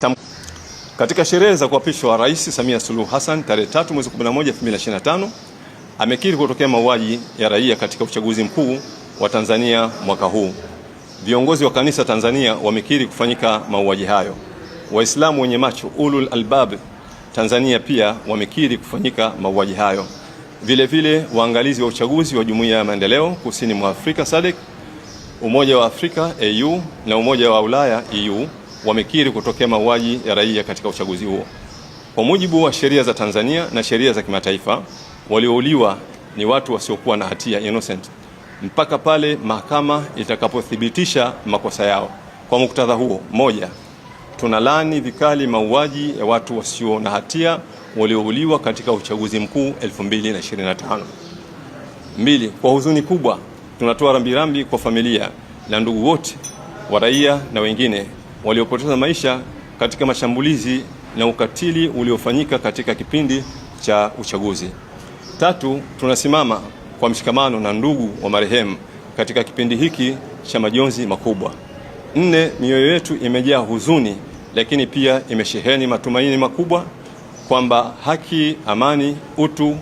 Tam. Katika sherehe za kuapishwa Rais Samia Suluhu Hassan tarehe 3 mwezi 11 2025, amekiri kutokea mauaji ya raia katika uchaguzi mkuu wa Tanzania mwaka huu. Viongozi wa kanisa Tanzania wamekiri kufanyika mauaji hayo. Waislamu wenye macho ulul albab Tanzania pia wamekiri kufanyika mauaji hayo. Vilevile waangalizi wa uchaguzi wa Jumuiya ya Maendeleo Kusini mwa Afrika SADC, Umoja wa Afrika AU na Umoja wa Ulaya EU wamekiri kutokea mauaji ya raia katika uchaguzi huo. Kwa mujibu wa sheria za Tanzania na sheria za kimataifa, waliouliwa ni watu wasiokuwa na hatia innocent, mpaka pale mahakama itakapothibitisha makosa yao. Kwa muktadha huo, moja, tunalaani vikali mauaji ya watu wasio na hatia waliouliwa katika uchaguzi mkuu 2025. Mbili, kwa huzuni kubwa tunatoa rambirambi kwa familia na ndugu wote wa raia na wengine waliopoteza maisha katika mashambulizi na ukatili uliofanyika katika kipindi cha uchaguzi. Tatu, tunasimama kwa mshikamano na ndugu wa marehemu katika kipindi hiki cha majonzi makubwa. Nne, mioyo yetu imejaa huzuni, lakini pia imesheheni matumaini makubwa kwamba haki, amani, utu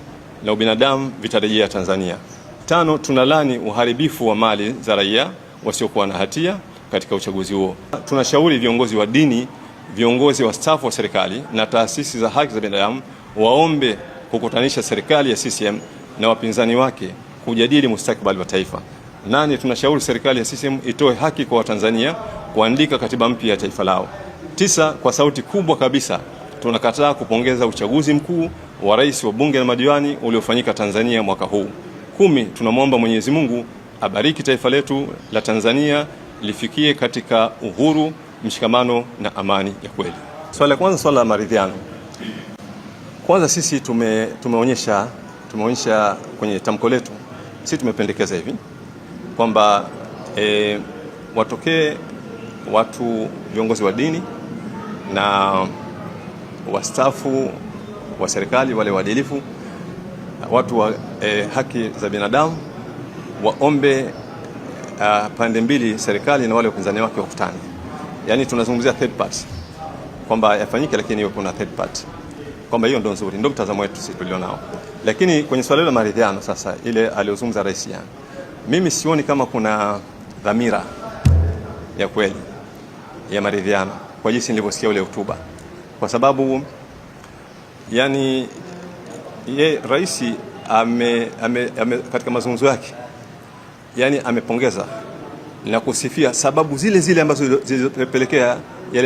na ubinadamu vitarejea Tanzania. Tano, tunalani uharibifu wa mali za raia wasiokuwa na hatia katika uchaguzi huo. Tunashauri viongozi wa dini, viongozi staff wa serikali na taasisi za haki za binadamu waombe kukutanisha serikali ya CCM na wapinzani wake kujadili mustakabali wa taifa. Nani, tunashauri serikali ya CCM itoe haki kwa Watanzania kuandika katiba mpya ya taifa lao. Tisa, kwa sauti kubwa kabisa tunakataa kupongeza uchaguzi mkuu wa rais wa bunge na madiwani uliofanyika Tanzania mwaka huu. Kumi, tunamwomba Mwenyezi Mungu abariki taifa letu la Tanzania lifikie katika uhuru, mshikamano na amani ya kweli. Swala la kwanza, swala la maridhiano. Kwanza sisi tume, tumeonyesha tumeonyesha kwenye tamko letu, sisi tumependekeza hivi kwamba e, watokee watu viongozi wa dini na wastaafu wa serikali wale waadilifu, watu wa e, haki za binadamu waombe uh, pande mbili, serikali na wale wapinzani wake wakutane. Yaani tunazungumzia third party kwamba yafanyike, lakini iwe kuna third party kwamba hiyo ndio nzuri, ndio mtazamo wetu sisi tulionao. Lakini kwenye swala la maridhiano sasa, ile aliyozungumza rais jana, mimi sioni kama kuna dhamira ya kweli ya maridhiano kwa jinsi nilivyosikia ule hotuba, kwa sababu yani ye rais ame, ame, ame katika mazungumzo yake yani amepongeza na kusifia sababu zile zile ambazo zilizopelekea yale